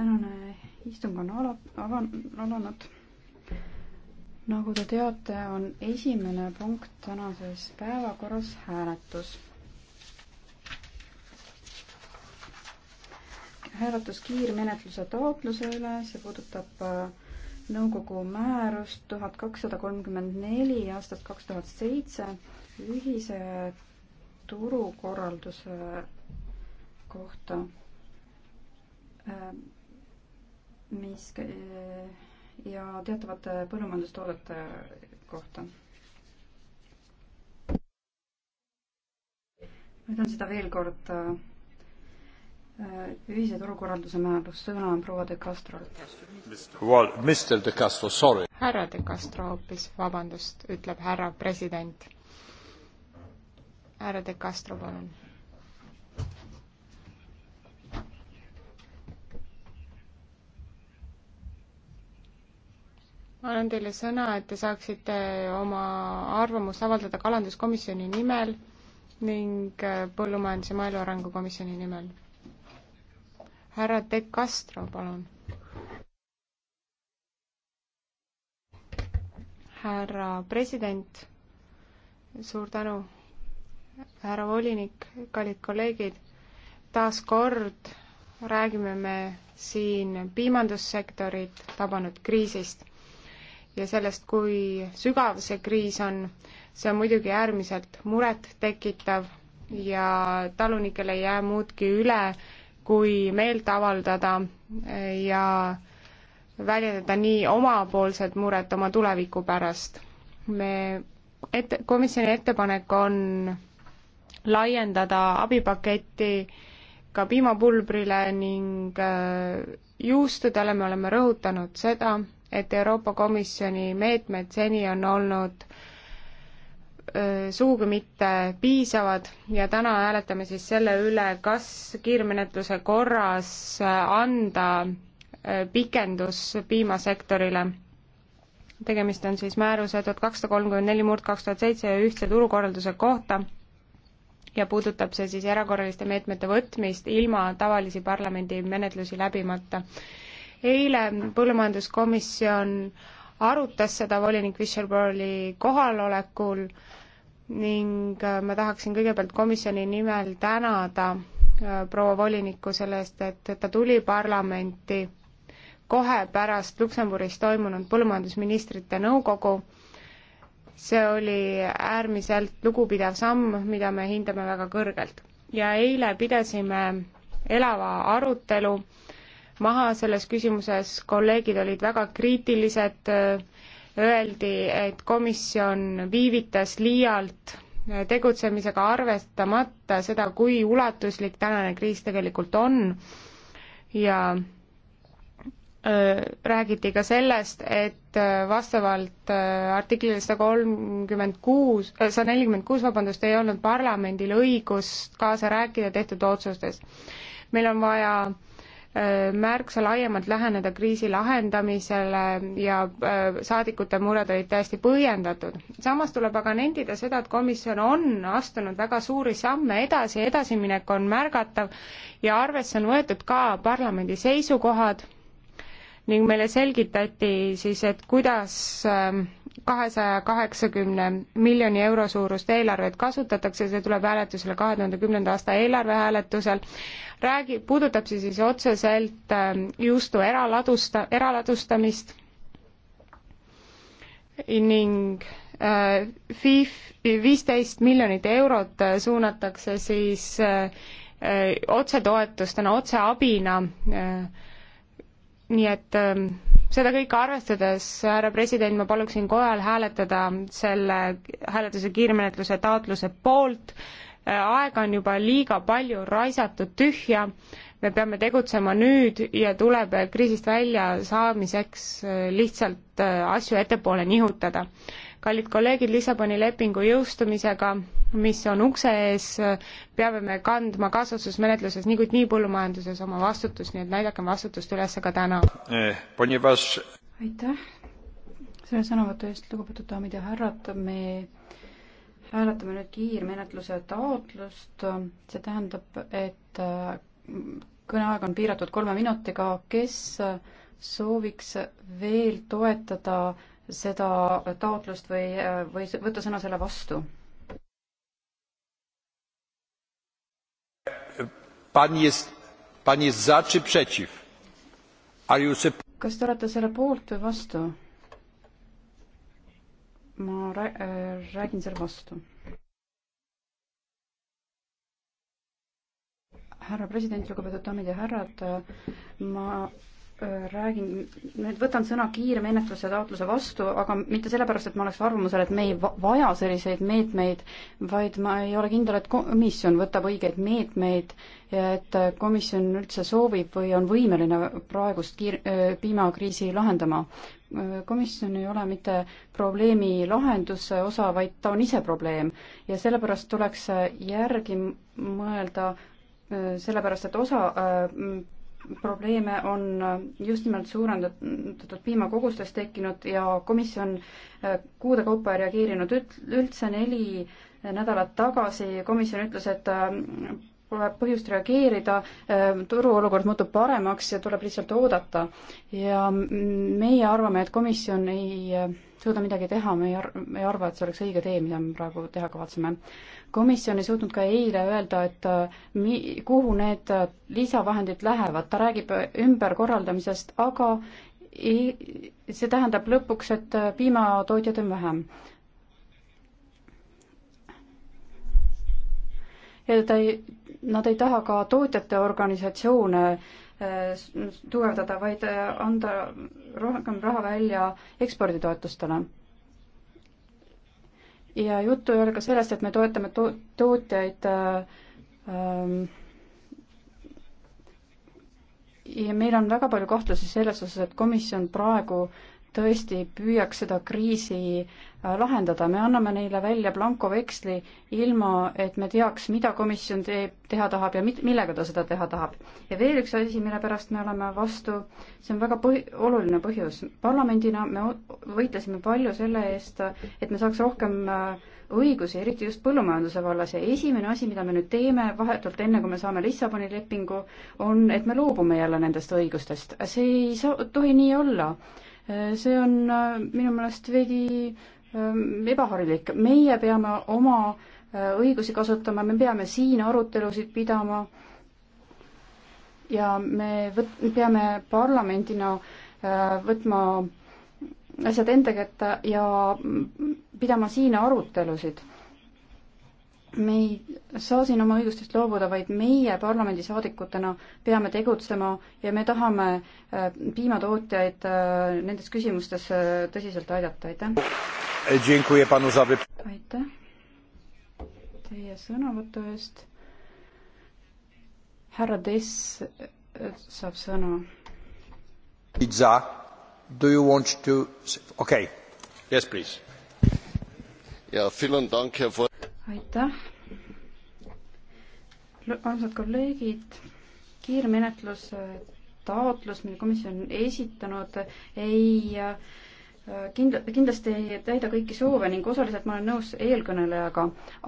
tänane istung on ala, avan-, alanud. nagu te teate, on esimene punkt tänases päevakorras hääletus. hääletus kiirmenetluse taotluse üle, see puudutab äh, nõukogu määrust tuhat kakssada kolmkümmend neli aastast kaks tuhat seitse ühise turukorralduse kohta äh, mis ja teatavate põllumajandustoodete kohta. ma ütlen seda veel kord. Äh, ühise turukorralduse määrus, sõna on proua de Castrol. Well, Mr de Castro, sorry. härra de Castro hoopis, vabandust, ütleb härra president. härra de Castro, palun ma annan teile sõna, et te saaksite oma arvamust avaldada kalanduskomisjoni nimel ning äh, Põllumajandus- ja Maaeluarengu Komisjoni nimel. härra De Castro, palun. härra president, suur tänu. härra volinik, kallid kolleegid, taas kord räägime me siin piimandussektorit tabanud kriisist ja sellest, kui sügav see kriis on, see on muidugi äärmiselt murettekitav ja talunikel ei jää muudki üle, kui meelt avaldada ja väljendada nii omapoolset muret oma tuleviku pärast. me, ette, komisjoni ettepanek on laiendada abipaketti ka piimapulbrile ning äh, juustudele, me oleme rõhutanud seda, et Euroopa Komisjoni meetmed seni on olnud sugugi mitte piisavad ja täna hääletame siis selle üle, kas kiirmenetluse korras anda pikendus piimasektorile. tegemist on siis määruse tuhat kakssada kolmkümmend neli murd kaks tuhat seitse ühtse turukorralduse kohta ja puudutab see siis erakorraliste meetmete võtmist ilma tavalisi parlamendi menetlusi läbimata eile põllumajanduskomisjon arutas seda volinik Fischer-Bowli kohalolekul ning äh, ma tahaksin kõigepealt komisjoni nimel tänada äh, proua volinikku selle eest, et ta tuli parlamenti kohe pärast Luksemburgis toimunud põllumajandusministrite nõukogu. see oli äärmiselt lugupidav samm, mida me hindame väga kõrgelt. ja eile pidasime elava arutelu äh, maha selles küsimuses, kolleegid olid väga kriitilised, öeldi, et komisjon viivitas liialt tegutsemisega, arvestamata seda, kui ulatuslik tänane kriis tegelikult on ja räägiti ka sellest, et vastavalt artiklile sada kolmkümmend kuus, sada nelikümmend kuus, vabandust, ei olnud parlamendil õigust kaasa rääkida tehtud otsustes. meil on vaja Äh, märksa laiemalt läheneda kriisi lahendamisele ja äh, saadikute mured olid täiesti põhjendatud. samas tuleb aga nendida seda, et komisjon on astunud väga suuri samme edasi, edasiminek on märgatav ja arvesse on võetud ka parlamendi seisukohad ning meile selgitati siis, et kuidas ähm, kahesaja kaheksakümne miljoni euro suurust eelarvet kasutatakse, see tuleb hääletusele kahe tuhande kümnenda aasta eelarve hääletusel, räägi, puudutab see siis otseselt äh, juustu eraladusta, eraladustamist ning äh, viisteist miljonit eurot suunatakse siis äh, otsetoetustena, otseabina, nii et ähm, seda kõike arvestades, härra president, ma paluksin kojal hääletada selle hääletuse kiirmenetluse taotluse poolt, aega on juba liiga palju raisatud tühja, me peame tegutsema nüüd ja tuleb kriisist väljasaamiseks lihtsalt asju ettepoole nihutada. kallid kolleegid, Lissaboni lepingu jõustumisega mis on ukse ees, peame me kandma kaasatusmenetluses niikuinii põllumajanduses oma vastutust, nii et näidakem vastutust üles ka täna eh,. Ponivas... aitäh selle sõnavõtu eest, lugupeetud daamid ja härrad, me hääletame nüüd kiirmenetluse taotlust, see tähendab, et äh, kõneaeg on piiratud kolme minutiga, kes sooviks veel toetada seda taotlust või, äh, või võtta sõna selle vastu? Pan jest, pan jest za czy przeciw? Are you kas te olete selle poolt või vastu? ma rää- äh,, räägin selle vastu. härra president, lugupeetud daamid ja härrad, ma räägin, nüüd võtan sõna kiirmenetluse taotluse vastu, aga mitte sellepärast, et ma oleks arvamusel, et me ei vaja selliseid meetmeid, vaid ma ei ole kindel, et komisjon võtab õigeid meetmeid ja et komisjon üldse soovib või on võimeline praegust kiir-, äh, piimakriisi lahendama. komisjon ei ole mitte probleemi lahenduse osa, vaid ta on ise probleem ja sellepärast tuleks järgi mõelda, äh, sellepärast et osa äh, probleeme on just nimelt suurendatud piimakogustes tekkinud ja komisjon äh, kuude kaupa ei reageerinud üldse neli nädalat tagasi komisjon ütles, et äh, pole põhjust reageerida, äh, turuolukord muutub paremaks ja tuleb lihtsalt oodata. ja meie arvame, et komisjon ei äh, suuda midagi teha, me ei ar-, me ei arva, et see oleks õige tee, mida me praegu teha kavatseme. komisjon ei suutnud ka eile öelda, et äh, mi-, kuhu need lisavahendid lähevad, ta räägib ümberkorraldamisest, aga ei, see tähendab lõpuks, et piimatootjaid on vähem ja ta ei, nad ei taha ka tootjate organisatsioone eh, tugevdada, vaid eh, anda rohkem raha välja eksporditoetustele. ja juttu ei ole ka sellest, et me toetame to-, tootjaid ähm, ja meil on väga palju kahtlusi selles osas, et komisjon praegu tõesti püüaks seda kriisi äh, lahendada, me anname neile välja blankoveksli, ilma et me teaks, mida komisjon teeb, teha tahab ja mit-, millega ta seda teha tahab. ja veel üks asi, mille pärast me oleme vastu, see on väga põhi-, oluline põhjus. parlamendina me võitlesime palju selle eest, et me saaks rohkem äh, õigusi, eriti just põllumajanduse vallas ja esimene asi, mida me nüüd teeme vahetult enne, kui me saame Lissaboni lepingu, on, et me loobume jälle nendest õigustest. see ei saa, tohi nii olla see on äh, minu meelest veidi ähm, ebaharilik. meie peame oma äh, õigusi kasutama, me peame siin arutelusid pidama ja me võt-, peame parlamendina äh, võtma asjad enda kätte ja pidama siin arutelusid me ei saa siin oma õigustest loobuda, vaid meie parlamendisaadikutena peame tegutsema ja me tahame äh, piimatootjaid äh, nendes küsimustes äh, tõsiselt aidata, aitäh! Eh, aitäh teie sõnavõtu eest. härra Dess saab sõna. Do you want to? Okay. Yes, please. Ja, vielen Dank, Herr Vor- aitäh. armsad kolleegid, kiirmenetlus äh, taotlus, mille komisjon esitanud, ei äh, kindla-, kindlasti ei täida kõiki soove ning osaliselt ma olen nõus eelkõnelejaga,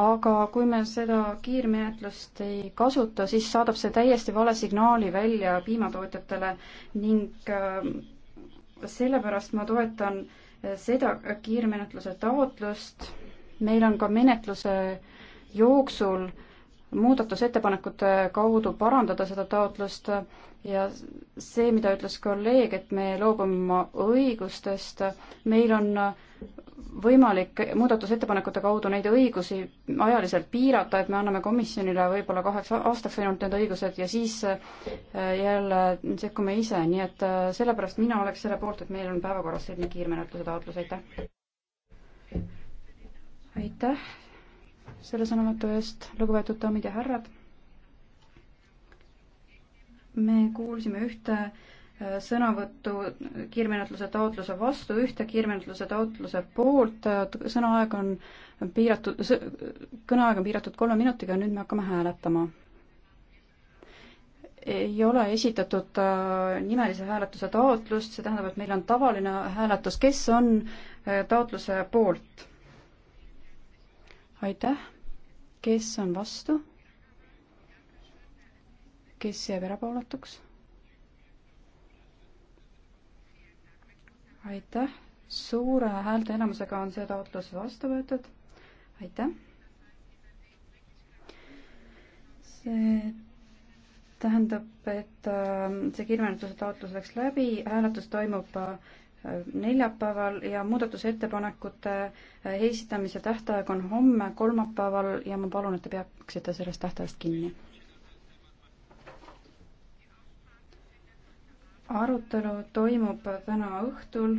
aga kui me seda kiirmenetlust ei kasuta, siis saadab see täiesti vale signaali välja piimatootjatele ning äh, sellepärast ma toetan seda kiirmenetluse taotlust meil on ka menetluse jooksul muudatusettepanekute kaudu parandada seda taotlust ja see, mida ütles kolleeg, et me loobume oma õigustest, meil on võimalik muudatusettepanekute kaudu neid õigusi ajaliselt piirata, et me anname komisjonile võib-olla kaheks aastaks ainult need õigused ja siis äh, jälle sekkume ise, nii et äh, sellepärast mina oleks selle poolt, et meil on päevakorras selline kiirmenetluse taotlus, aitäh! aitäh selle sõnavõtu eest, lugupeetud daamid ja härrad. me kuulsime ühte äh, sõnavõttu kiirmenetluse taotluse vastu, ühte kiirmenetluse taotluse poolt, äh, sõnaaeg on piiratud, kõneaeg on piiratud kolme minutiga, nüüd me hakkame hääletama ei ole esitatud äh, nimelise hääletuse taotlust, see tähendab, et meil on tavaline hääletus, kes on taotluse poolt aitäh, kes on vastu? kes jääb erapooletuks? aitäh, suure häälteenamusega on see taotlus vastu võetud. aitäh. see tähendab, et äh, see kirjanduse taotlus läks läbi, hääletus toimub äh, neljapäeval ja muudatusettepanekute esitamise tähtaeg on homme, kolmapäeval ja ma palun, et te peaksite sellest tähtajast kinni. arutelu toimub täna õhtul.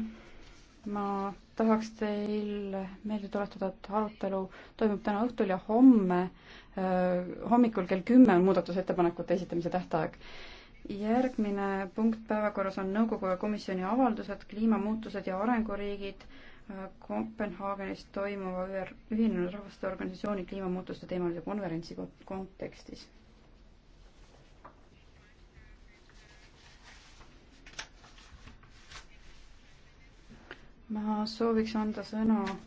ma tahaks teil meelde tuletada, et arutelu toimub täna õhtul ja homme äh, hommikul kell kümme on muudatusettepanekute esitamise tähtaeg järgmine punkt päevakorras on nõukogu ja komisjoni avaldused, kliimamuutused ja arenguriigid äh, Kopenhaagenis toimuva Ühinenud Rahvaste Organisatsiooni kliimamuutuste teemalise konverentsi kontekstis. ma sooviks anda sõna